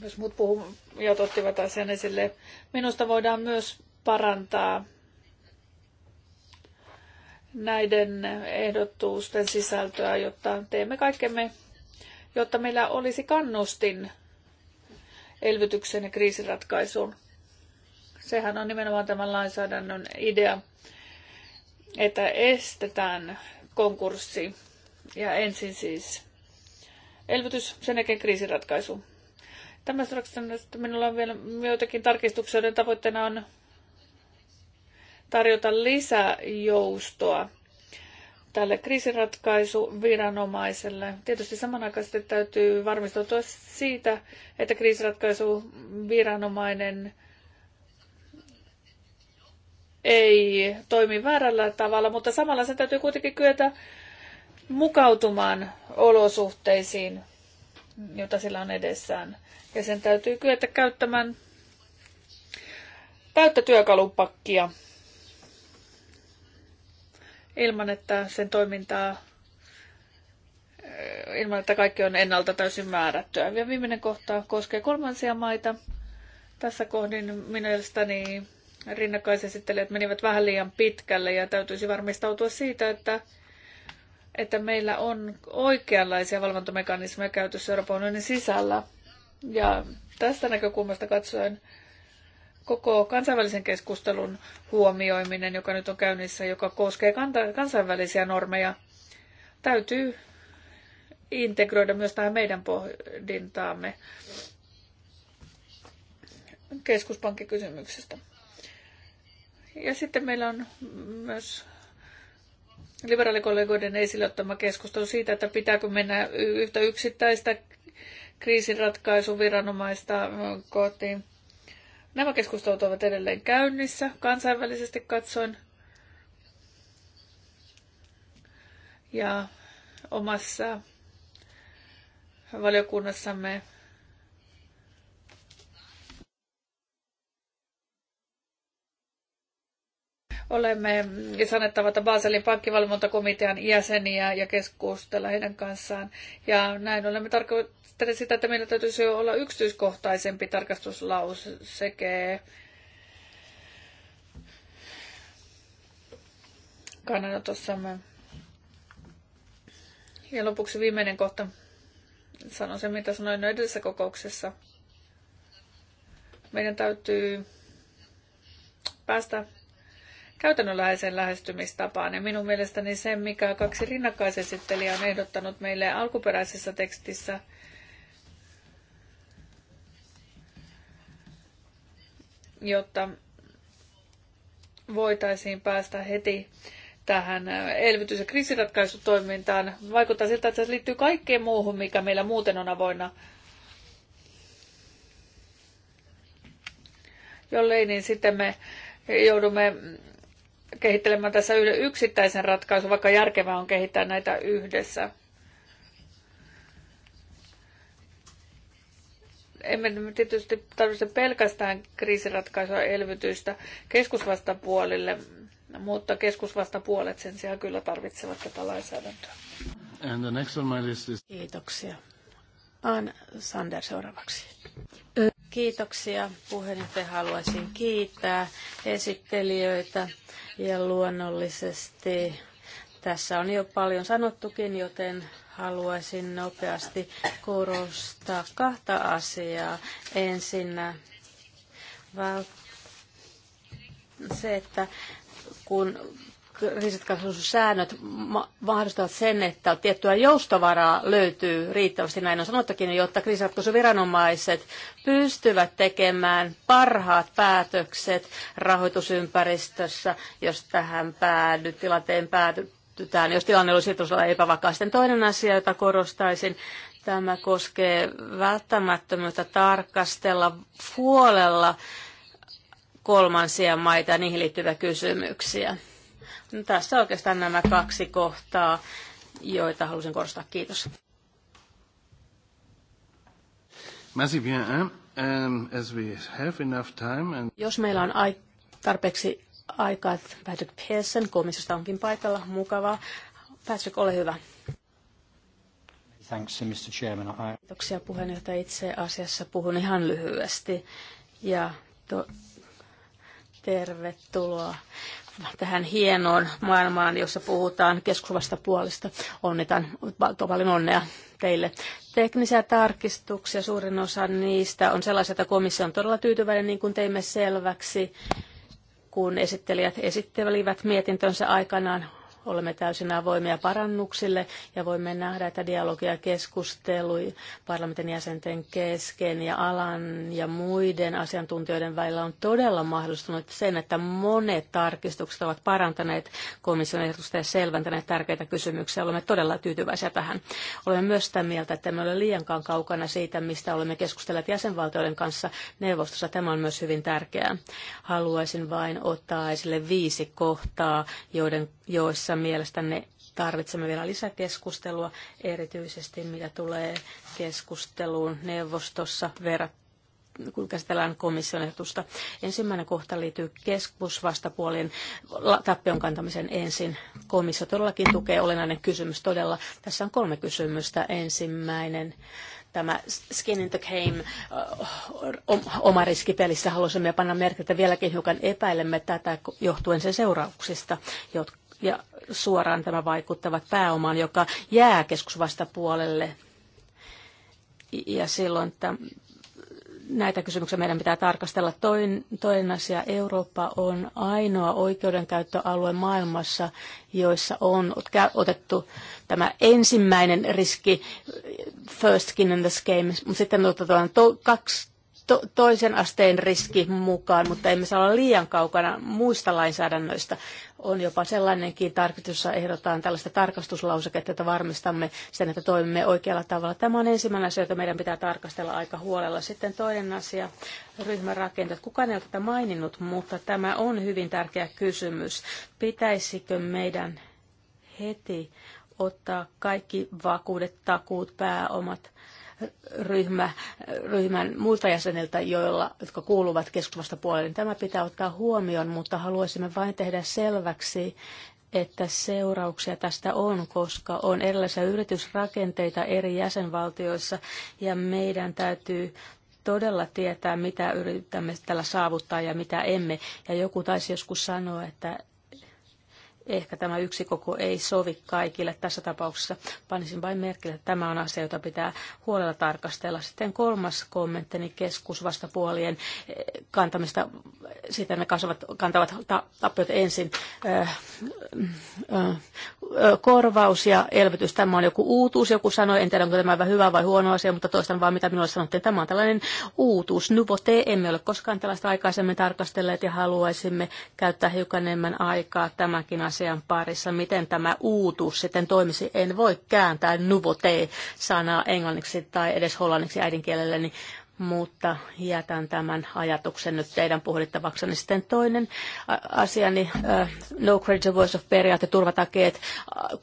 Speaker 3: myös muut puhujat ottivat asian esille. Minusta voidaan myös parantaa näiden ehdotusten sisältöä, jotta teemme kaikkemme, jotta meillä olisi kannustin elvytykseen ja kriisiratkaisuun. Sehän on nimenomaan tämän lainsäädännön idea, että estetään konkurssi ja ensin siis elvytys, sen jälkeen kriisiratkaisu. Tämä minulla on vielä joitakin tarkistuksia, joiden tavoitteena on tarjota lisäjoustoa tälle kriisiratkaisuviranomaiselle. Tietysti samanaikaisesti täytyy varmistautua siitä, että kriisiratkaisuviranomainen ei toimi väärällä tavalla, mutta samalla se täytyy kuitenkin kyetä mukautumaan olosuhteisiin, joita sillä on edessään. Ja sen täytyy kyetä käyttämään täyttä työkalupakkia ilman, että sen toimintaa eh, ilman, että kaikki on ennalta täysin määrättyä. Ja viimeinen kohta koskee kolmansia maita. Tässä kohdin mielestäni rinnakkaisesittelijät menivät vähän liian pitkälle ja täytyisi varmistautua siitä, että, että meillä on oikeanlaisia valvontamekanismeja käytössä Euroopan unionin sisällä. Ja tästä näkökulmasta katsoen koko kansainvälisen keskustelun huomioiminen, joka nyt on käynnissä, joka koskee kansainvälisiä normeja, täytyy integroida myös tähän meidän pohdintaamme keskuspankkikysymyksestä. Ja sitten meillä on myös liberaalikollegoiden esille ottama keskustelu siitä, että pitääkö mennä yhtä yksittäistä kriisinratkaisuviranomaista kohti Nämä keskustelut ovat edelleen käynnissä kansainvälisesti katsoen. Ja omassa valiokunnassamme Olemme sanottava, että Baselin pankkivalvontakomitean jäseniä ja keskustella heidän kanssaan. Ja näin olemme tarkoittaneet sitä, että meillä täytyisi olla yksityiskohtaisempi tarkastuslauseke kannanotossamme. Ja lopuksi viimeinen kohta. Sanon sen, mitä sanoin edellisessä kokouksessa. Meidän täytyy päästä käytännönläheiseen lähestymistapaan. Ja minun mielestäni se, mikä kaksi rinnakkaisesittelijää on ehdottanut meille alkuperäisessä tekstissä, jotta voitaisiin päästä heti tähän elvytys- ja kriisiratkaisutoimintaan. Vaikuttaa siltä, että se liittyy kaikkeen muuhun, mikä meillä muuten on avoinna. Jollei, niin sitten me joudumme kehittelemään tässä yksittäisen ratkaisun, vaikka järkevää on kehittää näitä yhdessä. emme tietysti tarvitse pelkästään kriisiratkaisua elvytystä keskusvastapuolille, mutta keskusvastapuolet sen sijaan kyllä tarvitsevat tätä lainsäädäntöä.
Speaker 1: And the next on my list is...
Speaker 2: Kiitoksia. Anne Sander seuraavaksi. Kiitoksia. Puheenjohtaja haluaisin kiittää esittelijöitä ja luonnollisesti tässä on jo paljon sanottukin, joten haluaisin nopeasti korostaa kahta asiaa. Ensinnä se, että kun riskikasvussäännöt mahdollistavat sen, että tiettyä joustovaraa löytyy riittävästi, näin on sanottakin, jotta kriisiratkaisuviranomaiset pystyvät tekemään parhaat päätökset rahoitusympäristössä, jos tähän päädy, tilanteen päätytään, jos tilanne olisi tosiaan epävakaa. Sitten toinen asia, jota korostaisin, tämä koskee välttämättömyyttä tarkastella huolella kolmansia maita ja niihin liittyviä kysymyksiä. No, tässä oikeastaan nämä kaksi kohtaa, joita halusin korostaa. Kiitos.
Speaker 3: Merci bien. Um, as we have enough time and... Jos meillä
Speaker 2: on ai- tarpeeksi aikaa, että Patrick Pearson komissiosta onkin paikalla, mukavaa. Patrick, ole hyvä.
Speaker 3: Thanks, Mr. Chairman. I...
Speaker 2: Kiitoksia puheenjohtaja. Itse asiassa puhun ihan lyhyesti. Ja to- Tervetuloa tähän hienoon maailmaan, jossa puhutaan keskuvasta puolesta. Onnitan paljon onnea teille. Teknisiä tarkistuksia, suurin osa niistä on sellaisia, että komissio on todella tyytyväinen, niin kuin teimme selväksi, kun esittelijät esittelivät mietintönsä aikanaan. Olemme täysin avoimia parannuksille ja voimme nähdä, että dialogia ja keskustelu parlamentin jäsenten kesken ja alan ja muiden asiantuntijoiden välillä on todella mahdollistunut sen, että monet tarkistukset ovat parantaneet komission ehdotusta ja selventäneet tärkeitä kysymyksiä. Olemme todella tyytyväisiä tähän. Olemme myös sitä mieltä, että emme ole liiankaan kaukana siitä, mistä olemme keskustelleet jäsenvaltioiden kanssa neuvostossa. Tämä on myös hyvin tärkeää. Haluaisin vain ottaa esille viisi kohtaa, joiden joissa mielestäni tarvitsemme vielä lisäkeskustelua, erityisesti mitä tulee keskusteluun neuvostossa verrattuna kun käsitellään komission ehdotusta. Ensimmäinen kohta liittyy keskusvastapuolien tappion kantamisen ensin. Komissio todellakin tukee olennainen kysymys todella. Tässä on kolme kysymystä. Ensimmäinen tämä skin in the game oma riskipelissä haluaisimme panna merkitä vieläkin hiukan epäilemme tätä johtuen sen seurauksista, jotka ja suoraan tämä vaikuttavat pääomaan, joka jää keskusvastapuolelle. Ja silloin että näitä kysymyksiä meidän pitää tarkastella. Toin, toinen asia, Eurooppa on ainoa oikeudenkäyttöalue maailmassa, joissa on otettu tämä ensimmäinen riski, first skin in the game, mutta sitten otetaan to, kaksi, to- toisen asteen riski mukaan, mutta emme saa olla liian kaukana muista lainsäädännöistä. On jopa sellainenkin tarkoitus, jossa ehdotaan tällaista tarkastuslauseketta, että varmistamme sen, että toimimme oikealla tavalla. Tämä on ensimmäinen asia, jota meidän pitää tarkastella aika huolella. Sitten toinen asia, ryhmärakenteet. Kukaan ei ole tätä maininnut, mutta tämä on hyvin tärkeä kysymys. Pitäisikö meidän heti ottaa kaikki vakuudet, takuut, pääomat ryhmä, ryhmän muilta jäseniltä, joilla, jotka kuuluvat keskuvasta puolelle. Niin tämä pitää ottaa huomioon, mutta haluaisimme vain tehdä selväksi, että seurauksia tästä on, koska on erilaisia yritysrakenteita eri jäsenvaltioissa ja meidän täytyy todella tietää, mitä yritämme tällä saavuttaa ja mitä emme. Ja joku taisi joskus sanoa, että ehkä tämä yksi koko ei sovi kaikille tässä tapauksessa. Panisin vain merkille, että tämä on asia, jota pitää huolella tarkastella. Sitten kolmas kommenttini niin keskusvastapuolien eh, kantamista, sitten ne kantavat tappiot ensin. Äh, äh, korvaus ja elvytys, tämä on joku uutuus, joku sanoi, en tiedä onko tämä hyvä vai huono asia, mutta toistan vaan mitä minulle sanottiin, tämä on tällainen uutuus. Nuvote emme ole koskaan tällaista aikaisemmin tarkastelleet ja haluaisimme käyttää hiukan enemmän aikaa tämänkin asian parissa, miten tämä uutuus sitten toimisi. En voi kääntää nuvote-sanaa englanniksi tai edes hollanniksi äidinkielelle, niin mutta jätän tämän ajatuksen nyt teidän pohdittavaksenne. Sitten toinen asia, niin no credit voice of periaate, turvatakeet,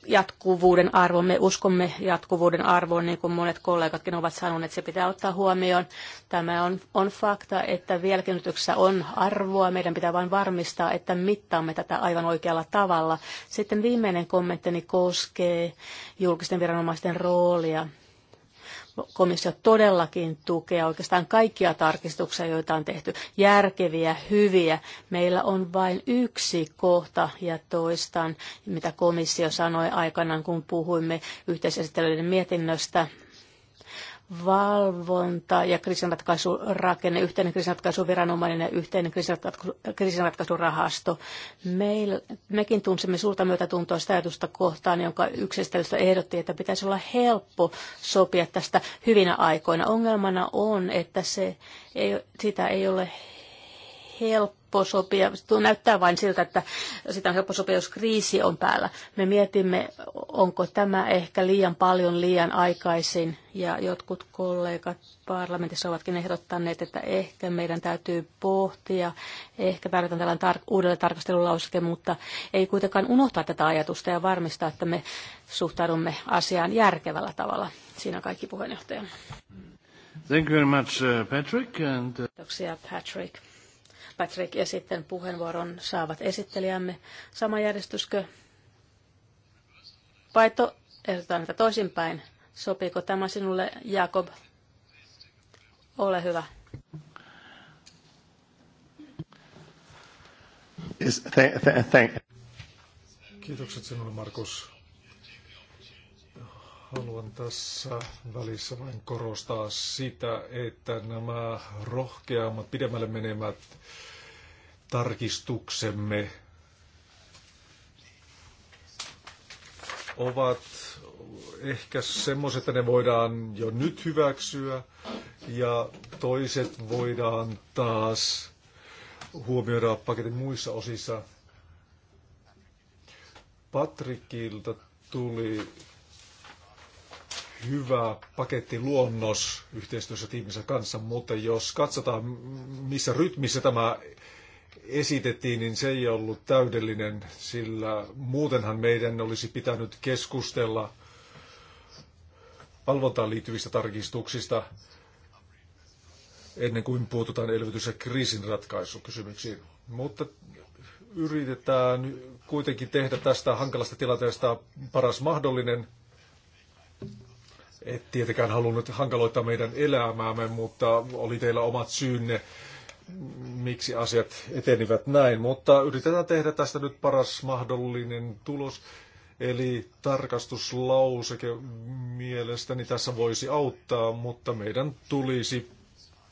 Speaker 2: jatkuvuuden arvo. Me uskomme jatkuvuuden arvoon, niin kuin monet kollegatkin ovat sanoneet, se pitää ottaa huomioon. Tämä on, on fakta, että vieläkinnytyksessä on arvoa. Meidän pitää vain varmistaa, että mittaamme tätä aivan oikealla tavalla. Sitten viimeinen kommenttini koskee julkisten viranomaisten roolia komissio todellakin tukea oikeastaan kaikkia tarkistuksia, joita on tehty. Järkeviä, hyviä. Meillä on vain yksi kohta, ja toistan, mitä komissio sanoi aikanaan, kun puhuimme yhteisesittelyiden mietinnöstä valvonta ja kriisinratkaisurakenne, yhteinen kriisinratkaisuviranomainen ja yhteinen kriisinratkaisurahasto. Meil, mekin tunsimme suurta myötätuntoa sitä ajatusta kohtaan, jonka yksistelystä ehdotti, että pitäisi olla helppo sopia tästä hyvinä aikoina. Ongelmana on, että se ei, sitä ei ole helppo helppo sopia. Tuo näyttää vain siltä, että sitä on helppo sopia, jos kriisi on päällä. Me mietimme, onko tämä ehkä liian paljon liian aikaisin. Ja jotkut kollegat parlamentissa ovatkin ehdottaneet, että ehkä meidän täytyy pohtia, ehkä tarvitaan tällainen tar- uudelle tarkastelulauseke, mutta ei kuitenkaan unohtaa tätä ajatusta ja varmistaa, että me suhtaudumme asiaan järkevällä tavalla. Siinä kaikki puheenjohtaja.
Speaker 3: Thank you very much, uh, Patrick. And... Uh,
Speaker 2: Kiitoksia, Patrick. Patrick ja sitten puheenvuoron saavat esittelijämme. Sama järjestyskö? Vai to, ehdotetaan näitä toisinpäin. Sopiiko tämä sinulle, Jakob? Ole hyvä. thank,
Speaker 1: Kiitokset sinulle, Markus. Haluan tässä välissä vain korostaa sitä, että nämä rohkeammat, pidemmälle menemät tarkistuksemme ovat ehkä semmoiset, että ne voidaan jo nyt hyväksyä ja toiset voidaan taas huomioida paketin muissa osissa. Patrikilta tuli hyvä pakettiluonnos yhteistyössä tiiminsä kanssa, mutta jos katsotaan missä rytmissä tämä esitettiin, niin se ei ollut täydellinen, sillä muutenhan meidän olisi pitänyt keskustella valvontaan liittyvistä tarkistuksista ennen kuin puututaan elvytys- ja kriisinratkaisukysymyksiin. Mutta yritetään kuitenkin tehdä tästä hankalasta tilanteesta paras mahdollinen et tietenkään halunnut hankaloittaa meidän elämäämme, mutta oli teillä omat syynne, miksi asiat etenivät näin. Mutta yritetään tehdä tästä nyt paras mahdollinen tulos. Eli tarkastuslauseke mielestäni tässä voisi auttaa, mutta meidän tulisi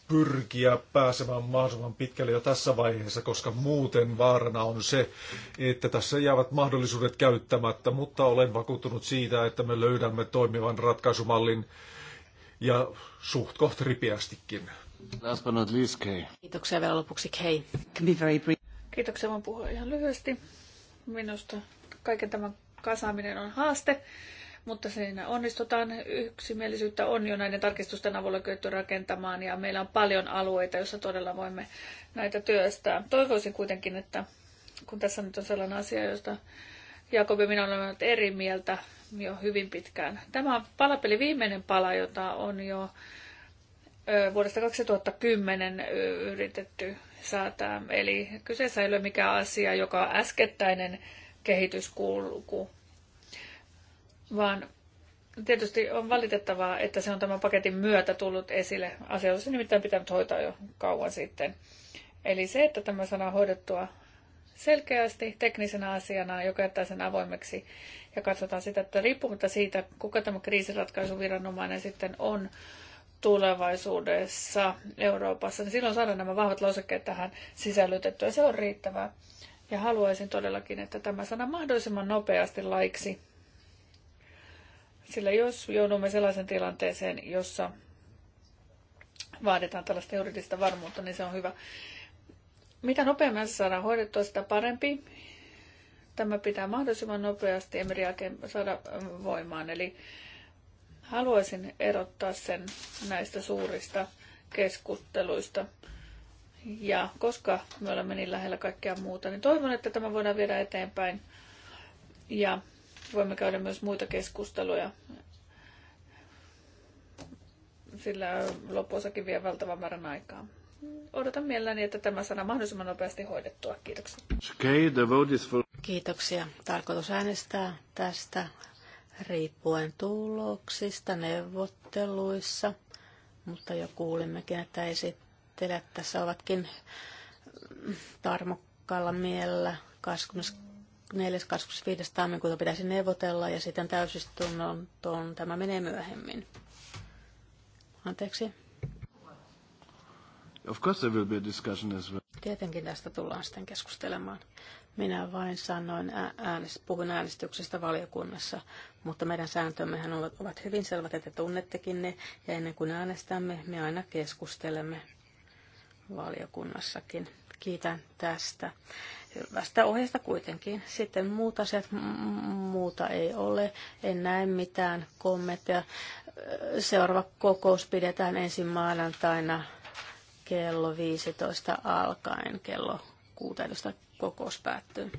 Speaker 1: pyrkiä pääsemään mahdollisimman pitkälle jo tässä vaiheessa, koska muuten vaarana on se, että tässä jäävät mahdollisuudet käyttämättä, mutta olen vakuuttunut siitä, että me löydämme toimivan ratkaisumallin ja suht koht ripeästikin. Last but not least, Kay.
Speaker 3: Kiitoksia vielä lopuksi, Kay. Can be very brief. Kiitoksia, vaan puhua ihan lyhyesti. Minusta kaiken tämän kasaaminen on haaste mutta siinä onnistutaan. Yksimielisyyttä on jo näiden tarkistusten avulla kyetty rakentamaan ja meillä on paljon alueita, joissa todella voimme näitä työstää. Toivoisin kuitenkin, että kun tässä nyt on sellainen asia, josta Jakob ja minä olemme eri mieltä jo hyvin pitkään. Tämä on palapeli viimeinen pala, jota on jo vuodesta 2010 yritetty säätää. Eli kyseessä ei ole mikään asia, joka on äskettäinen kehityskulku, vaan tietysti on valitettavaa, että se on tämän paketin myötä tullut esille. Asia olisi nimittäin pitänyt hoitaa jo kauan sitten. Eli se, että tämä sana hoidettua selkeästi teknisenä asiana, joka jättää sen avoimeksi ja katsotaan sitä, että riippumatta siitä, kuka tämä kriisiratkaisuviranomainen sitten on tulevaisuudessa Euroopassa, niin silloin saadaan nämä vahvat lausekkeet tähän sisällytettyä. Se on riittävää. Ja haluaisin todellakin, että tämä sana mahdollisimman nopeasti laiksi sillä jos joudumme sellaisen tilanteeseen, jossa vaaditaan tällaista juridista varmuutta, niin se on hyvä. Mitä nopeammin saadaan hoidettua, sitä parempi. Tämä pitää mahdollisimman nopeasti jälkeen saada ähm, voimaan. Eli haluaisin erottaa sen näistä suurista keskusteluista. Ja koska me olemme niin lähellä kaikkea muuta, niin toivon, että tämä voidaan viedä eteenpäin. Ja voimme käydä myös muita keskusteluja. Sillä loppuosakin vie valtavan määrän aikaa. Odotan mielelläni, että tämä sana mahdollisimman nopeasti hoidettua. Kiitoksia. Okay, the vote is for... Kiitoksia. Tarkoitus äänestää tästä riippuen
Speaker 2: tuloksista neuvotteluissa, mutta jo kuulimmekin, että esittelijät tässä ovatkin tarmokkaalla mielellä 20 4.25. tammikuuta pitäisi neuvotella ja sitten tuon, tämä menee myöhemmin. Anteeksi.
Speaker 3: Of course there will be a discussion as well.
Speaker 2: Tietenkin tästä tullaan sitten keskustelemaan. Minä vain sanoin äänest, puhun äänestyksestä valiokunnassa, mutta meidän sääntömmehän ovat hyvin selvät, että tunnettekin ne, ja ennen kuin äänestämme, me aina keskustelemme valiokunnassakin. Kiitän tästä Hyvästä ohjeesta kuitenkin. Sitten muut asiat, muuta ei ole. En näe mitään kommentteja. Seuraava kokous pidetään ensi maanantaina kello 15 alkaen. Kello 16 kokous päättyy.